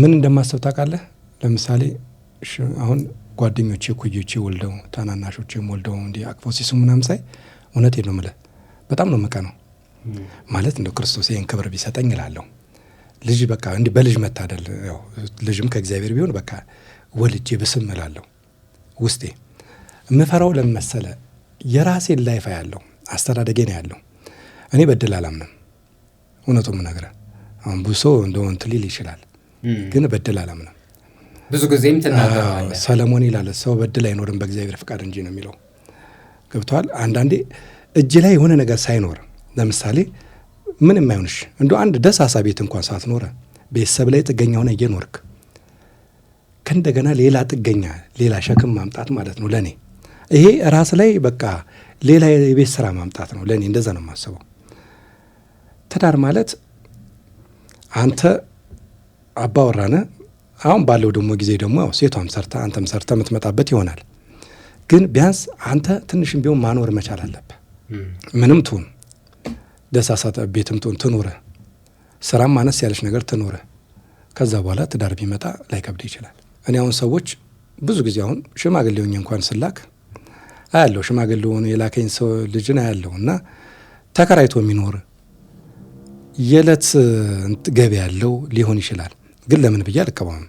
ምን እንደማሰብ ታውቃለህ? ለምሳሌ አሁን ጓደኞቼ ኩዮቼ ወልደው ታናናሾቼም ወልደው እንዲህ አቅፎ ሲሱ ምናምን ሳይ እውነቴን ነው የምልህ በጣም ነው መቀ ነው ማለት እንደ ክርስቶስ ይህን ክብር ቢሰጠኝ እላለሁ። ልጅ በቃ እንዲህ በልጅ መታደል ያው ልጅም ከእግዚአብሔር ቢሆን በቃ ወልጄ ብስም እላለሁ ውስጤ። የምፈራው ለምን መሰለህ? የራሴን ላይፋ ያለው አስተዳደጌ ነው ያለው። እኔ በድል አላምንም። እውነቱም የምነግርህ አሁን ብሶ እንደው እንትን ሊል ይችላል ግን በድል አላምንም። ብዙ ጊዜም ትናገራለህ። ሰለሞን ይላል ሰው በድል አይኖርም በእግዚአብሔር ፍቃድ እንጂ ነው የሚለው። ገብተዋል። አንዳንዴ እጅ ላይ የሆነ ነገር ሳይኖር ለምሳሌ ምንም አይሆንሽ እንደ አንድ ደሳሳ ቤት እንኳን ሳትኖረ ቤተሰብ ላይ ጥገኛ ሆነ እየኖርክ ከእንደገና ሌላ ጥገኛ ሌላ ሸክም ማምጣት ማለት ነው። ለእኔ ይሄ ራስ ላይ በቃ ሌላ የቤት ስራ ማምጣት ነው። ለእኔ እንደዛ ነው የማስበው። ትዳር ማለት አንተ አባወራነ አሁን ባለው ደግሞ ጊዜ ደግሞ ሴቷም ሰርታ አንተም ሰርተ የምትመጣበት ይሆናል። ግን ቢያንስ አንተ ትንሽም ቢሆን ማኖር መቻል አለብህ። ምንም ትሁን ደሳሳ ቤትም ትሁን ትኑረ፣ ስራም አነስ ያለች ነገር ትኑረ። ከዛ በኋላ ትዳር ቢመጣ ላይከብድ ይችላል። እኔ አሁን ሰዎች ብዙ ጊዜ አሁን ሽማግሌውኝ እንኳን ስላክ አያለው ሽማግሌ ሆኖ የላከኝ ሰው ልጅን አያለው እና ተከራይቶ የሚኖር የዕለት ገቢ ያለው ሊሆን ይችላል ግን ለምን ብዬ አልቀበውም።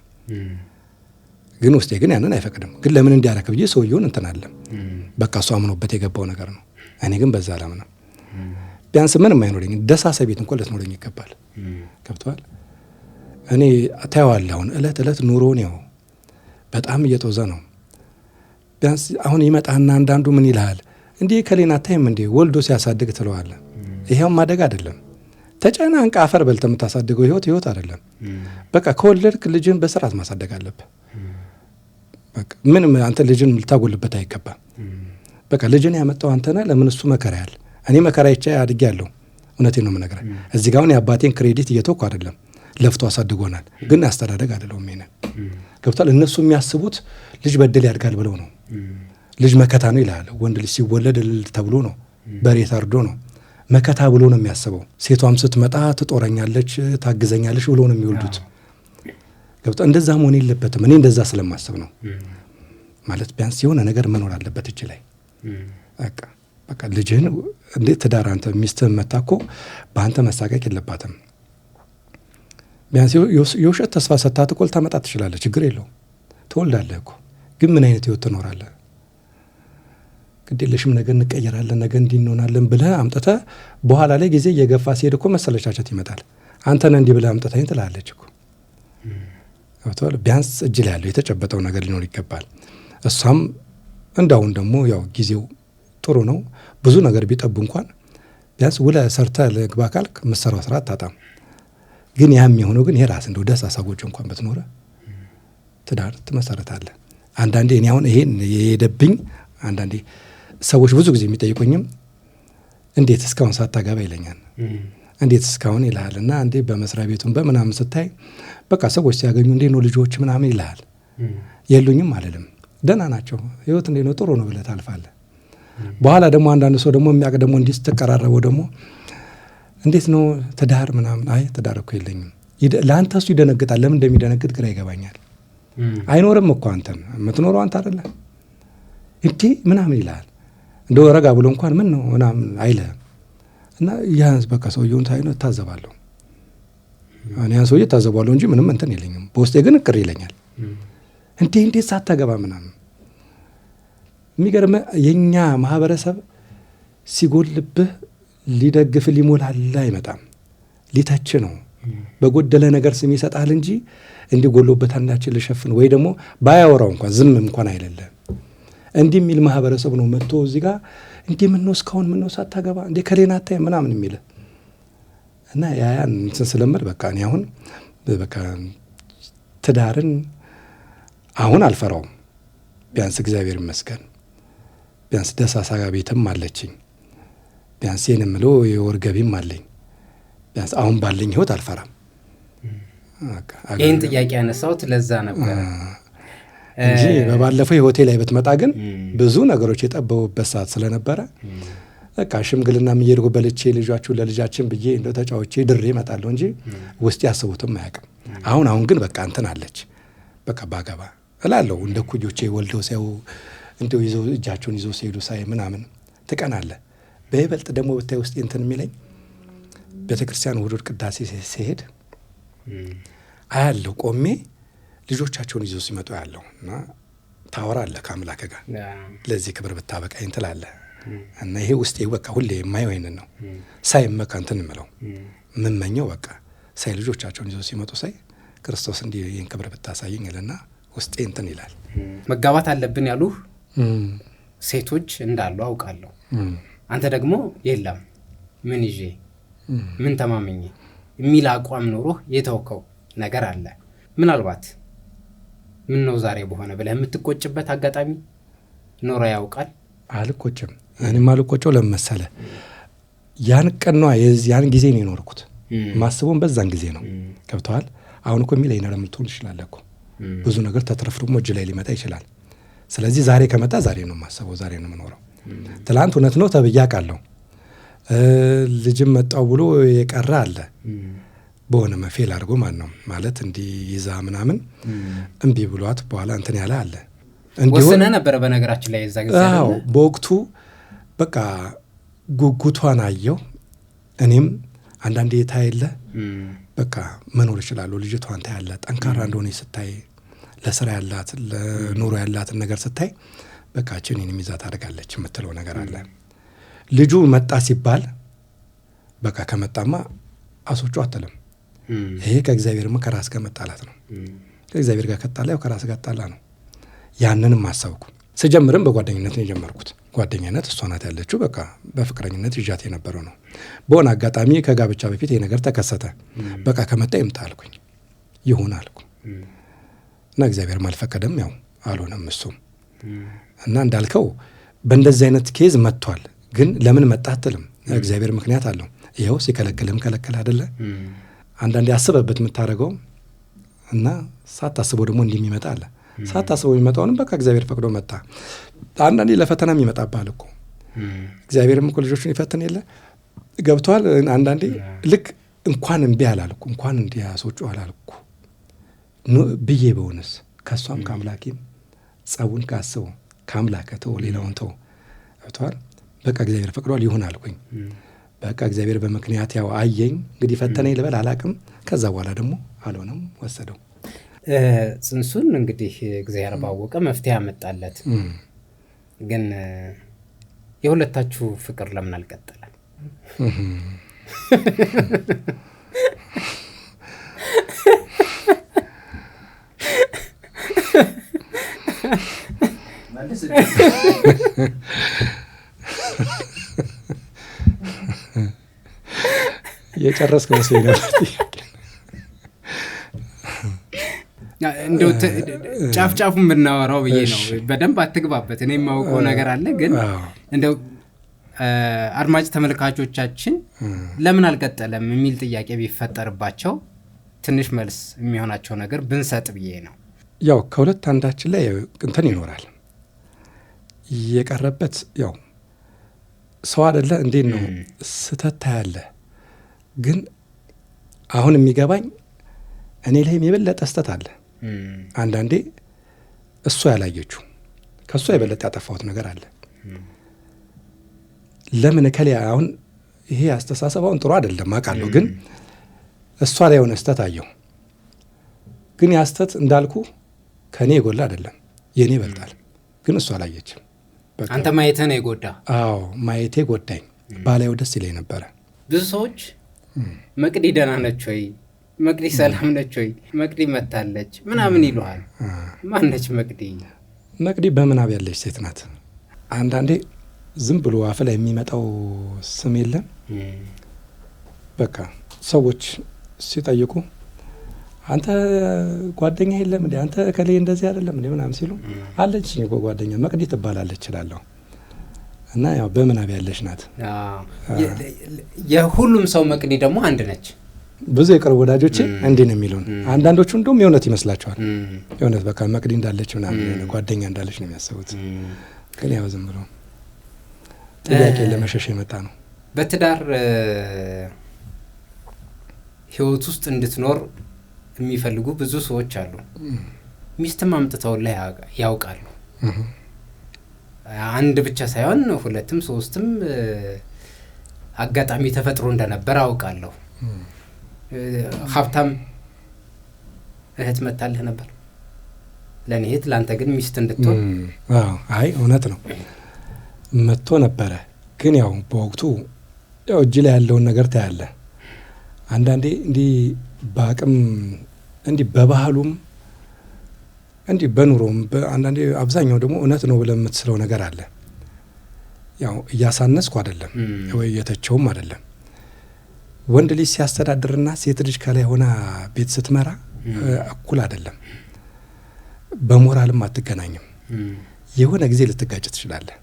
ግን ውስጤ ግን ያንን አይፈቅድም። ግን ለምን እንዲያረክ ብዬ ሰውየውን እንትናለም በቃ እሱ አምኖበት የገባው ነገር ነው። እኔ ግን በዛ ላምነ። ቢያንስ ምንም አይኖረኝ ደሳሳ ቤት እንኳን ልትኖረኝ ይገባል። ገብተዋል። እኔ ታየዋለህ አሁን እለት እለት ኑሮ ያው በጣም እየጦዘ ነው። ቢያንስ አሁን ይመጣና አንዳንዱ ምን ይልሃል እንዲህ ከሌና ታይም እንዲህ ወልዶ ሲያሳድግ ትለዋለ? ይሄውም ማደግ አይደለም ተጨናንቃ አፈር በልተ የምታሳድገው ህይወት ህይወት አይደለም። በቃ ከወለድክ ልጅን በስርዓት ማሳደግ አለብህ። ምንም አንተ ልጅን ልታጎልበት አይገባም። በቃ ልጅን ያመጣው አንተና ለምን እሱ መከራ ያል እኔ መከራ ይቻ አድጌ ያለው እውነቴ ነው የምነግርህ። እዚህ ጋር አሁን የአባቴን ክሬዲት እየተወኩ አይደለም። ለፍቶ አሳድጎናል፣ ግን አስተዳደግ አይደለውም። ሜነ ገብቷል። እነሱ የሚያስቡት ልጅ በደል ያድጋል ብለው ነው። ልጅ መከታ ነው ይላል ወንድ ልጅ ሲወለድ እልል ተብሎ ነው፣ በሬ ታርዶ ነው መከታ ብሎ ነው የሚያስበው። ሴቷም ስትመጣ ትጦረኛለች፣ ታግዘኛለች ብሎ ነው የሚወልዱት። ገብቶ እንደዛ መሆን የለበትም። እኔ እንደዛ ስለማስብ ነው ማለት ቢያንስ የሆነ ነገር መኖር አለበት እጅ ላይ በቃ ልጅህን እንዴት ትዳር አንተ ሚስትህን መታ እኮ በአንተ መሳቀቅ የለባትም። ቢያንስ የውሸት ተስፋ ሰታ እኮ ልታመጣ ትችላለህ፣ ችግር የለውም። ትወልዳለህ እኮ ግን ምን አይነት ህይወት ትኖራለህ? ግዴለሽም ነገ እንቀየራለን ነገ እንዲንሆናለን ብለ አምጥተ በኋላ ላይ ጊዜ እየገፋ ሲሄድ እኮ መሰለቻቸት ይመጣል። አንተን እንዲህ ብለ አምጥተኝ ትላለች ቢያንስ እጅ ላይ ያለው የተጨበጠው ነገር ሊኖር ይገባል። እሷም እንዳሁን ደግሞ ያው ጊዜው ጥሩ ነው። ብዙ ነገር ቢጠቡ እንኳን ቢያንስ ውለ ሰርተ ልግባ ካልክ ምሰራው ስራ አታጣም። ግን ያ የሚሆነው ግን ይሄ ራስ እንደው ደስ አሳጎጭ እንኳን ብትኖረ ትዳር ትመሰረታለህ። አንዳንዴ እኔ አሁን ይሄን የሄደብኝ አንዳንዴ ሰዎች ብዙ ጊዜ የሚጠይቁኝም እንዴት እስካሁን ሳታገባ ይለኛል። እንዴት እስካሁን ይልሃል እና እንዴ በመስሪያ ቤቱን በምናምን ስታይ በቃ ሰዎች ሲያገኙ እንዴ ነው ልጆች ምናምን ይልሃል። የሉኝም አልልም፣ ደህና ናቸው፣ ህይወት እንዴ ነው ጥሩ ነው ብለ ታልፋለህ። በኋላ ደግሞ አንዳንድ ሰው ደግሞ የሚያቅ ደግሞ እንዲህ ስትቀራረበው ደግሞ እንዴት ነው ትዳር ምናምን፣ አይ ትዳር እኮ የለኝም። ለአንተ እሱ ይደነግጣል። ለምን እንደሚደነግጥ ግራ ይገባኛል። አይኖርም እኮ አንተን የምትኖረው አንተ አደለ እንዴ ምናምን ይልሃል። እንደ ረጋ ብሎ እንኳን ምን ነው ምናምን አይልህም። እና ያህንስ በቃ ሰውየውን ታይ ነው እታዘባለሁ። ያን ሰውዬ እታዘባለሁ እንጂ ምንም እንትን የለኝም። በውስጤ ግን ቅር ይለኛል። እንዴ እንዴት ሳታገባ ምናምን። የሚገርም የእኛ ማህበረሰብ ሲጎልብህ ሊደግፍ ሊሞላላ አይመጣም፣ ሊተች ነው በጎደለ ነገር ስም ይሰጣል እንጂ እንዲህ ጎሎበት አንዳችን ልሸፍን ወይ ደግሞ ባያወራው እንኳን ዝም እንኳን አይለለም? እንዲህ የሚል ማህበረሰብ ነው መጥቶ እዚህ ጋር እንዲህ ምነው እስካሁን ምነው ሳታገባ እንዴ ከሌና አታይም ምናምን የሚል እና ያያን እንትን ስለምል በቃ እኔ አሁን በቃ ትዳርን አሁን አልፈራውም። ቢያንስ እግዚአብሔር ይመስገን ቢያንስ ደሳሳ ቤትም አለችኝ። ቢያንስ ይህን የምለው የወር ገቢም አለኝ። ቢያንስ አሁን ባለኝ ህይወት አልፈራም። ይህን ጥያቄ ያነሳሁት ለዛ ነበር። እንጂ በባለፈው የሆቴል ላይ ብትመጣ ግን ብዙ ነገሮች የጠበቡበት ሰዓት ስለነበረ በቃ ሽምግልና የሚሄድጉ በልቼ ልጇችሁ ለልጃችን ብዬ እንደ ተጫዎቼ ድሬ እመጣለሁ እንጂ ውስጥ ያስቡትም አያውቅም። አሁን አሁን ግን በቃ እንትን አለች በቃ ባገባ እላለሁ እንደ ኩጆቼ ወልደው ሲያው እንደው ይዘው እጃቸውን ይዘው ሲሄዱ ሳይ ምናምን ትቀናለ። በይበልጥ ደግሞ ብታይ ውስጥ እንትን የሚለኝ ቤተ ክርስቲያን ውዱድ ቅዳሴ ሲሄድ አያለሁ ቆሜ ልጆቻቸውን ይዘው ሲመጡ ያለው እና አለ ከአምላክ ጋር ለዚህ ክብር ብታበቃኝ ትላለህ። እና ይሄ ውስጤ በቃ ሁሌ የማየው ይሄንን ነው። ሳይመካ እንትን ምለው ምመኘው በቃ ሳይ ልጆቻቸውን ይዘው ሲመጡ ሳይ ክርስቶስ እንዲህ ይህን ክብር ብታሳይኝ እልና ውስጤ እንትን ይላል። መጋባት አለብን ያሉ ሴቶች እንዳሉ አውቃለሁ። አንተ ደግሞ የለም ምን ይዤ ምን ተማመኝ የሚል አቋም ኖሮህ የተወከው ነገር አለ ምናልባት ምን ነው ዛሬ በሆነ ብለህ የምትቆጭበት አጋጣሚ ኖሮ ያውቃል? አልቆጭም። እኔም አልቆጨው ለመሰለ ያን ቀን ያን ጊዜ ነው የኖርኩት። ማስቡን በዛን ጊዜ ነው ገብተዋል። አሁን እኮ የሚለኝ ነገር ልትሆን ይችላል እኮ ብዙ ነገር ተትረፍርሞ እጅ ላይ ሊመጣ ይችላል። ስለዚህ ዛሬ ከመጣ ዛሬ ነው ማሰበው፣ ዛሬ ነው የምኖረው። ትላንት እውነት ነው ተብያ አውቃለሁ። ልጅም መጣው ብሎ የቀረ አለ በሆነ መፌል አድርጎ ማለት ነው ማለት እንዲህ ይዛ ምናምን እምቢ ብሏት በኋላ እንትን ያለ አለ። ወስነ ነበረ በነገራችን ላይ ዛ ጊዜ በወቅቱ በቃ ጉጉቷን አየው። እኔም አንዳንድ የታ የለ በቃ መኖር ይችላሉ። ልጅቷን ታያለ ጠንካራ እንደሆነ ስታይ፣ ለስራ ያላት ለኑሮ ያላትን ነገር ስታይ በቃ ችንን ይዛ ታደርጋለች የምትለው ነገር አለ። ልጁ መጣ ሲባል በቃ ከመጣማ አሶቹ አትልም ይሄ ከእግዚአብሔርም ከራስ ጋር መጣላት ነው። ከእግዚአብሔር ጋር ከጣላ ያው ከራስ ጋር ጣላ ነው። ያንንም አሳብኩ። ስጀምርም በጓደኝነት ነው የጀመርኩት። ጓደኝነት እሷ ናት ያለችው። በቃ በፍቅረኝነት ይዣት የነበረው ነው። በሆነ አጋጣሚ ከጋብቻ በፊት ይሄ ነገር ተከሰተ። በቃ ከመጣ ይምጣ አልኩኝ። ይሁን አልኩ እና እግዚአብሔርም አልፈቀደም። ያው አልሆነም እሱም እና እንዳልከው በእንደዚህ አይነት ኬዝ መጥቷል። ግን ለምን መጣ አትልም። እግዚአብሔር ምክንያት አለው። ይኸው ሲከለክልም ከለከል አደለ አንዳንድ ያስበበት የምታደርገው እና ሳታስበው ደግሞ እንዲህ የሚመጣ አለ። ሳታስበው የሚመጣውንም በቃ እግዚአብሔር ፈቅዶ መጣ። አንዳንዴ ለፈተና የሚመጣብሃል እኮ እግዚአብሔርም እኮ ልጆቹን ይፈትን የለ ገብተዋል። አንዳንዴ ልክ እንኳን እምቢ አላልኩ እንኳን እንዲህ ያስወጩ አላልኩ ብዬ በሆነስ ከእሷም ከአምላኬም ጸቡን ካስበው ከአምላከ ተው ሌላውን ተው ገብተዋል። በቃ እግዚአብሔር ፈቅዷል ይሆን አልኩኝ። በቃ እግዚአብሔር በምክንያት ያው አየኝ እንግዲህ ፈተነኝ ልበል አላቅም። ከዛ በኋላ ደግሞ አልሆነም ወሰደው። ጽንሱን እንግዲህ እግዚአብሔር ባወቀ መፍትሄ ያመጣለት። ግን የሁለታችሁ ፍቅር ለምን አልቀጠለም? የጨረስክ መስሎ ነበር። እንደው ጫፍ የምናወራው ብዬ ነው። በደንብ አትግባበት። እኔ የማውቀው ነገር አለ፣ ግን እንደው አድማጭ ተመልካቾቻችን ለምን አልቀጠለም የሚል ጥያቄ ቢፈጠርባቸው ትንሽ መልስ የሚሆናቸው ነገር ብንሰጥ ብዬ ነው። ያው ከሁለት አንዳችን ላይ እንትን ይኖራል የቀረበት ያው ሰው አደለ እንዴት ነው ስተት ታያለህ ግን አሁን የሚገባኝ እኔ ላይም የበለጠ ስተት አለ። አንዳንዴ እሷ ያላየችው ከእሷ የበለጠ ያጠፋሁት ነገር አለ። ለምን እከሌ አሁን ይሄ አሁን ጥሩ አይደለም አውቃለሁ፣ ግን እሷ ላይ የሆነ ስተት አየሁ። ግን ያ ስተት እንዳልኩ ከእኔ የጎላ አይደለም፣ የእኔ ይበልጣል። ግን እሷ አላየችም። አንተ ማየትህ ነው የጎዳ? አዎ ማየቴ ጎዳኝ። ባላየው ደስ ይለኝ ነበረ ብዙ ሰዎች መቅዲ ደህና ነች ወይ? መቅዲ ሰላም ነች ወይ? መቅዲ መታለች ምናምን ይሉሃል። ነች መቅዲ? መቅዲ በምናብ ያለች ሴት ናት። አንዳንዴ ዝም ብሎ አፍ ላይ የሚመጣው ስም የለም። በቃ ሰዎች ሲጠይቁ አንተ ጓደኛ የለም አንተ ከላይ እንደዚህ አይደለም እንዴ ሲሉ አለች ጓደኛ መቅዲ ትባላለች ይችላለሁ እና ያው በምናብ ያለች ናት። የሁሉም ሰው መቅኒ ደግሞ አንድ ነች። ብዙ የቅርብ ወዳጆች እንዲህ ነው የሚለውን አንዳንዶቹ እንደውም የእውነት ይመስላቸዋል። የእውነት በቃ መቅኒ እንዳለች ምናምን ጓደኛ እንዳለች ነው የሚያስቡት። ግን ያው ዝም ብሎ ጥያቄ ለመሸሽ የመጣ ነው። በትዳር ህይወት ውስጥ እንድትኖር የሚፈልጉ ብዙ ሰዎች አሉ። ሚስትም አምጥተውልህ ያውቃሉ አንድ ብቻ ሳይሆን ሁለትም ሶስትም አጋጣሚ ተፈጥሮ እንደነበር አውቃለሁ። ሀብታም እህት መታልህ ነበር ለእኔ እህት፣ ለአንተ ግን ሚስት እንድትሆን። አይ እውነት ነው መጥቶ ነበረ። ግን ያው በወቅቱ ያው እጅ ላይ ያለውን ነገር ታያለ። አንዳንዴ እንዲህ በአቅም እንዲህ በባህሉም እንዲህ በኑሮም አንዳንዴ አብዛኛው ደግሞ እውነት ነው ብለህ የምትስለው ነገር አለ። ያው እያሳነስኩ አይደለም ወይ እየተቸውም አይደለም። ወንድ ልጅ ሲያስተዳድርና ሴት ልጅ ከላይ ሆና ቤት ስትመራ እኩል አይደለም። በሞራልም አትገናኝም። የሆነ ጊዜ ልትጋጭ ትችላለህ።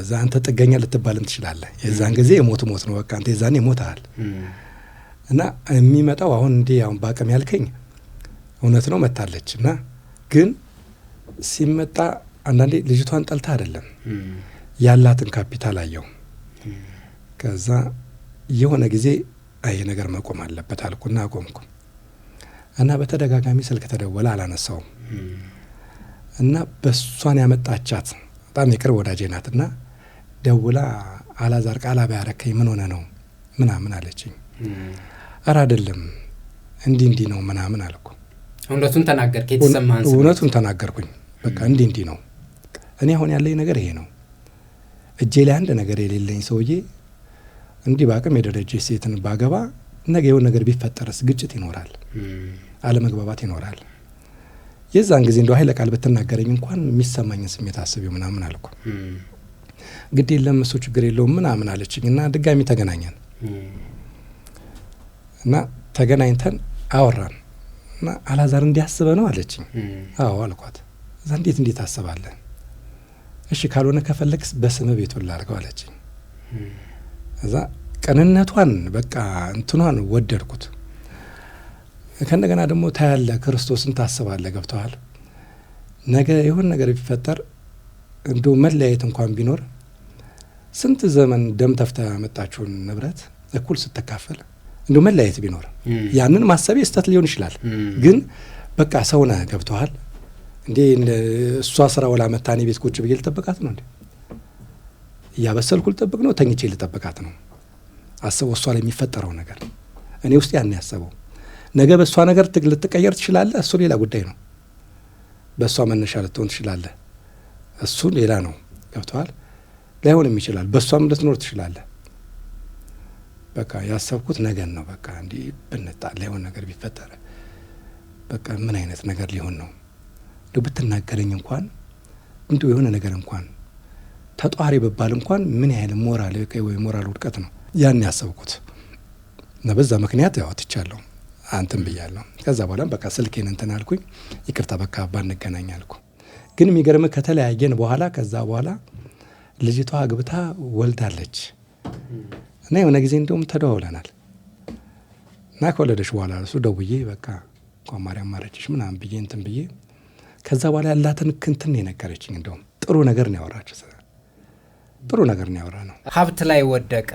እዛ አንተ ጥገኛ ልትባልም ትችላለህ። የዛን ጊዜ የሞት ሞት ነው በቃ አንተ የዛን ይሞትሃል። እና የሚመጣው አሁን እንዲህ አሁን በአቅም ያልከኝ እውነት ነው መታለች እና ግን ሲመጣ አንዳንዴ ልጅቷን ጠልታ አይደለም ያላትን ካፒታል አየው። ከዛ የሆነ ጊዜ ይሄ ነገር መቆም አለበት አልኩና አቆምኩ እና በተደጋጋሚ ስልክ ተደወለ፣ አላነሳውም እና በሷን ያመጣቻት በጣም የቅርብ ወዳጄ ናት እና ደውላ አላዛር ቃላ ባያረከኝ ምን ሆነ ነው ምናምን አለችኝ። እረ አይደለም እንዲህ እንዲህ ነው ምናምን አልኩ። እውነቱን ተናገርክ፣ የተሰማህን እውነቱን ተናገርኩኝ። በቃ እንዲህ እንዲህ ነው እኔ አሁን ያለኝ ነገር ይሄ ነው። እጄ ላይ አንድ ነገር የሌለኝ ሰውዬ እንዲህ በአቅም የደረጀ ሴትን ባገባ ነገ የሆነ ነገር ቢፈጠርስ? ግጭት ይኖራል፣ አለመግባባት ይኖራል። የዛን ጊዜ እንደው ኃይለ ቃል ብትናገረኝ እንኳን የሚሰማኝን ስሜት አስቢው ምናምን አልኩ። ግድ የለም እሱ ችግር የለውም ምናምን አለችኝ እና ድጋሚ ተገናኘን እና ተገናኝተን አወራን እና አላዛር እንዲያስበ ነው አለችኝ። አዎ አልኳት። እዛ እንዴት እንዴት አስባለን? እሺ ካልሆነ ከፈለግስ በስመ ቤቱ ላርገው አለችኝ። እዛ ቅንነቷን በቃ እንትኗን ወደድኩት። ከእንደገና ደግሞ ታያለ፣ ክርስቶስን ታስባለ። ገብተዋል። ነገ የሆን ነገር ቢፈጠር እንዲ መለያየት እንኳን ቢኖር ስንት ዘመን ደም ተፍተ ያመጣችሁን ንብረት እኩል ስትካፈል እንዲሁ መለያየት ቢኖር ያንን ማሰብ ስህተት ሊሆን ይችላል። ግን በቃ ሰውነ ገብተዋል እንዴ እሷ ስራ ወላ እኔ ቤት ቁጭ ብዬ ልጠብቃት ነው እንዴ? እያበሰልኩ ልጠብቅ ነው? ተኝቼ ልጠብቃት ነው? አስበው እሷ ላይ የሚፈጠረው ነገር እኔ ውስጥ ያን ያሰበው ነገ በእሷ ነገር ልትቀየር ትችላለህ። እሱ ሌላ ጉዳይ ነው። በእሷ መነሻ ልትሆን ትችላለህ። እሱ ሌላ ነው። ገብተዋል ላይሆንም ይችላል። በእሷም ልትኖር ትችላለህ። በቃ ያሰብኩት ነገን ነው። በቃ እንዲህ ብንጣላ የሆነ ነገር ቢፈጠረ በቃ ምን አይነት ነገር ሊሆን ነው? እንዲሁ ብትናገረኝ እንኳን እንዲሁ የሆነ ነገር እንኳን ተጧሪ በባል እንኳን ምን ያህል ሞራል ወይ ሞራል ውድቀት ነው ያን ያሰብኩት እና በዛ ምክንያት ያው ትቻለሁ አንትን ብያለሁ። ከዛ በኋላም በቃ ስልኬን እንትን አልኩኝ። ይቅርታ በቃ ባንገናኝ አልኩ። ግን የሚገርምህ ከተለያየን በኋላ ከዛ በኋላ ልጅቷ አግብታ ወልዳለች። እና የሆነ ጊዜ እንዲሁም ተደዋውለናል እና ከወለደች በኋላ እሱ ደውዬ በቃ ቋማሪ አማረችሽ ምናምን ብዬ እንትን ብዬ ከዛ በኋላ ያላትን ክንትን የነገረችኝ እንደውም ጥሩ ነገር ነው ያወራችው። ጥሩ ነገር ነው ያወራ ነው ሀብት ላይ ወደቀ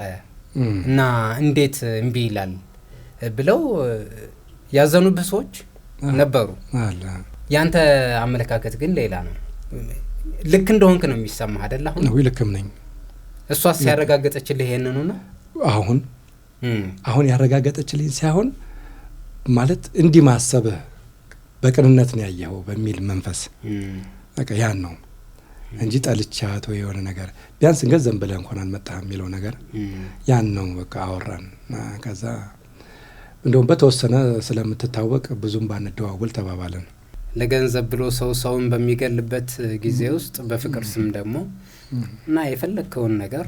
እና እንዴት እምቢ ይላል ብለው ያዘኑብህ ሰዎች ነበሩ። ያንተ አመለካከት ግን ሌላ ነው። ልክ እንደሆንክ ነው የሚሰማህ አደለ? አሁን ልክም ነኝ። እሷስ ያረጋገጠችልህ ይሄንኑ ነው? አሁን አሁን ያረጋገጠችልኝ ሳይሆን ማለት እንዲህ ማሰብህ በቅንነት ነው ያየኸው በሚል መንፈስ በቃ ያን ነው እንጂ ጠልቻት ወይ የሆነ ነገር ቢያንስ እንገዘም ብለህ እንኳን አልመጣህም የሚለው ነገር ያን ነው። በቃ አወራን። ከዛ እንደውም በተወሰነ ስለምትታወቅ ብዙም ባንደዋውል ተባባልን። ለገንዘብ ብሎ ሰው ሰውን በሚገልበት ጊዜ ውስጥ በፍቅር ስም ደግሞ እና የፈለግከውን ነገር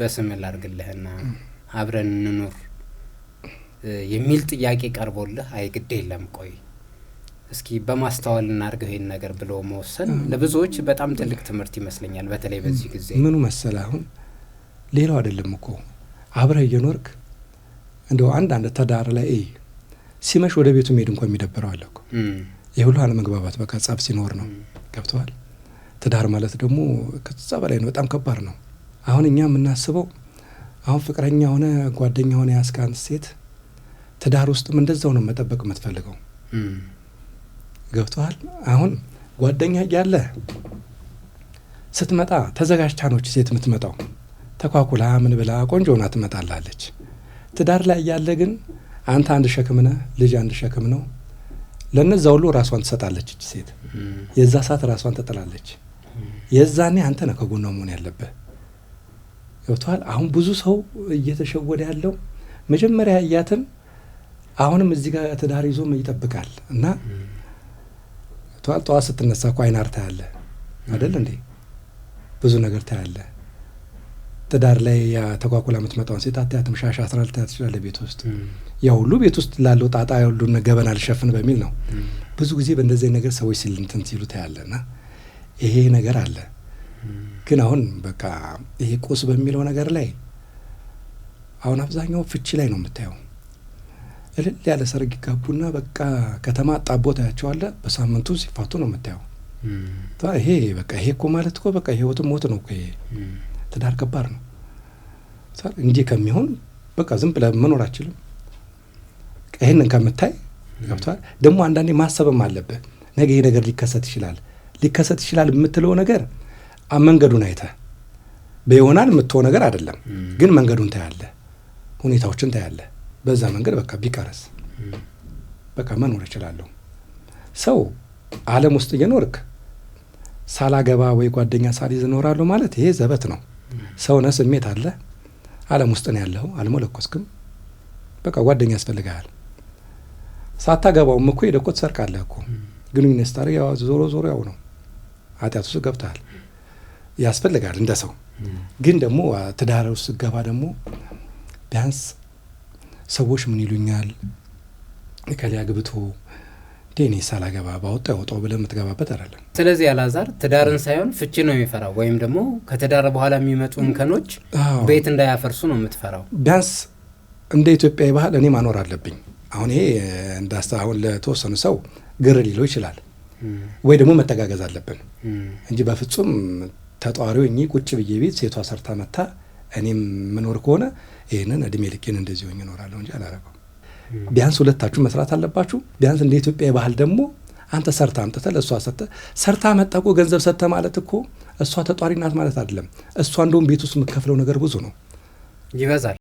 በስም ላርግልህና አብረን እንኑር የሚል ጥያቄ ቀርቦልህ አይ ግድ የለም ቆይ እስኪ በማስተዋል እናድርገው ይህን ነገር ብሎ መወሰን ለብዙዎች በጣም ትልቅ ትምህርት ይመስለኛል። በተለይ በዚህ ጊዜ ምኑ መሰለ አሁን ሌላው አይደለም እኮ አብረህ እየኖርክ እንደው አንዳንድ ተዳር ላይ ሲመሽ ወደ ቤቱ መሄድ እንኳ የሚደብረው አለ እኮ የሁሉ አለመግባባት በቃ ጸብ ሲኖር ነው። ገብተዋል። ትዳር ማለት ደግሞ ከዛ በላይ ነው። በጣም ከባድ ነው። አሁን እኛ የምናስበው አሁን ፍቅረኛ ሆነ ጓደኛ ሆነ ያስካንት ሴት ትዳር ውስጥም እንደዛው ነው መጠበቅ የምትፈልገው። ገብተዋል። አሁን ጓደኛ እያለ ስትመጣ ተዘጋጅታ ነች ሴት የምትመጣው ተኳኩላ ምን ብላ ቆንጆ ሆና ትመጣላለች። ትዳር ላይ እያለ ግን አንተ አንድ ሸክም ነህ፣ ልጅ አንድ ሸክም ነው። ለነዛ ሁሉ ራሷን ትሰጣለች ሴት። የዛ ሰዓት ራሷን ትጥላለች። የዛኔ አንተ ነህ ከጎኗ መሆን ያለብህ። ይወቷል። አሁን ብዙ ሰው እየተሸወደ ያለው መጀመሪያ እያትም አሁንም እዚህ ጋር ትዳር ይዞም ይጠብቃል እና ጠዋት ስትነሳ እኮ አይናር ታያለ አደል እንዴ? ብዙ ነገር ታያለ። ትዳር ላይ ተኳኩላ የምትመጣውን ሴት አትያትም። ሻሽ አስራ ልታያት ትችላለ። ቤት ውስጥ ያ ሁሉ ቤት ውስጥ ላለው ጣጣ ያሉን ገበና ልሸፍን በሚል ነው። ብዙ ጊዜ በእንደዚህ ነገር ሰዎች ሲልንትን ሲሉ ታያለ። እና ይሄ ነገር አለ ግን አሁን በቃ ይሄ ቁስ በሚለው ነገር ላይ አሁን አብዛኛው ፍቺ ላይ ነው የምታየው። እልል ያለ ሰርግ ይጋቡና በቃ ከተማ ጣቦታ ያቸዋለ በሳምንቱ ሲፋቱ ነው የምታየው። ይሄ በቃ ይሄ እኮ ማለት እኮ በቃ ህይወት ሞት ነው ይሄ ትዳር ከባድ ነው። እንዲህ ከሚሆን በቃ ዝም ብለህ መኖር አችልም። ይህንን ከምታይ ገብቷል። ደግሞ አንዳንዴ ማሰብም አለብህ ነገ ይህ ነገር ሊከሰት ይችላል ሊከሰት ይችላል የምትለው ነገር መንገዱን አይተ በይሆናል የምትሆ ነገር አይደለም፣ ግን መንገዱን ታያለ፣ ሁኔታዎችን ታያለ። በዛ መንገድ በቃ ቢቀረስ በቃ መኖር እችላለሁ። ሰው ዓለም ውስጥ እየኖርክ ሳላገባ ወይ ጓደኛ ሳልይዝ እኖራለሁ ማለት ይሄ ዘበት ነው። ሰውነ ስሜት አለ። ዓለም ውስጥ ነው ያለው፣ አልሞለኮስክም። በቃ ጓደኛ ያስፈልግሃል። ሳታገባውም እኮ ሄደህ እኮ ትሰርቃለህ እኮ ግንኙነት ስታደርግ ዞሮ ዞሮ ያው ነው፣ ኃጢአት ውስጥ ገብተሃል። ያስፈልጋል እንደ ሰው። ግን ደግሞ ትዳር ውስጥ ስገባ ደግሞ ቢያንስ ሰዎች ምን ይሉኛል እከሌ ግብቶ ዴኔ ሳላገባ ባወጣ ያወጣው ብለ የምትገባበት አይደለም። ስለዚህ አላዛር ትዳርን ሳይሆን ፍቺ ነው የሚፈራው፣ ወይም ደግሞ ከትዳር በኋላ የሚመጡ እንከኖች ቤት እንዳያፈርሱ ነው የምትፈራው። ቢያንስ እንደ ኢትዮጵያዊ ባህል እኔ ማኖር አለብኝ። አሁን ይሄ አሁን ለተወሰኑ ሰው ግር ሊለው ይችላል፣ ወይ ደግሞ መተጋገዝ አለብን እንጂ በፍጹም ተጧሪው እኚ ቁጭ ብዬ ቤት ሴቷ ሰርታ መታ እኔም ምኖር ከሆነ ይህንን እድሜ ልኬን እንደዚህ ሆኜ እኖራለሁ እንጂ አላረገው። ቢያንስ ሁለታችሁ መስራት አለባችሁ። ቢያንስ እንደ ኢትዮጵያ ባህል ደግሞ አንተ ሰርታ አምጥተህ ለእሷ ሰተ ሰርታ መጣ እኮ ገንዘብ ሰተ ማለት እኮ እሷ ተጧሪ ናት ማለት አይደለም። እሷ እንደውም ቤት ውስጥ የምከፍለው ነገር ብዙ ነው፣ ይበዛል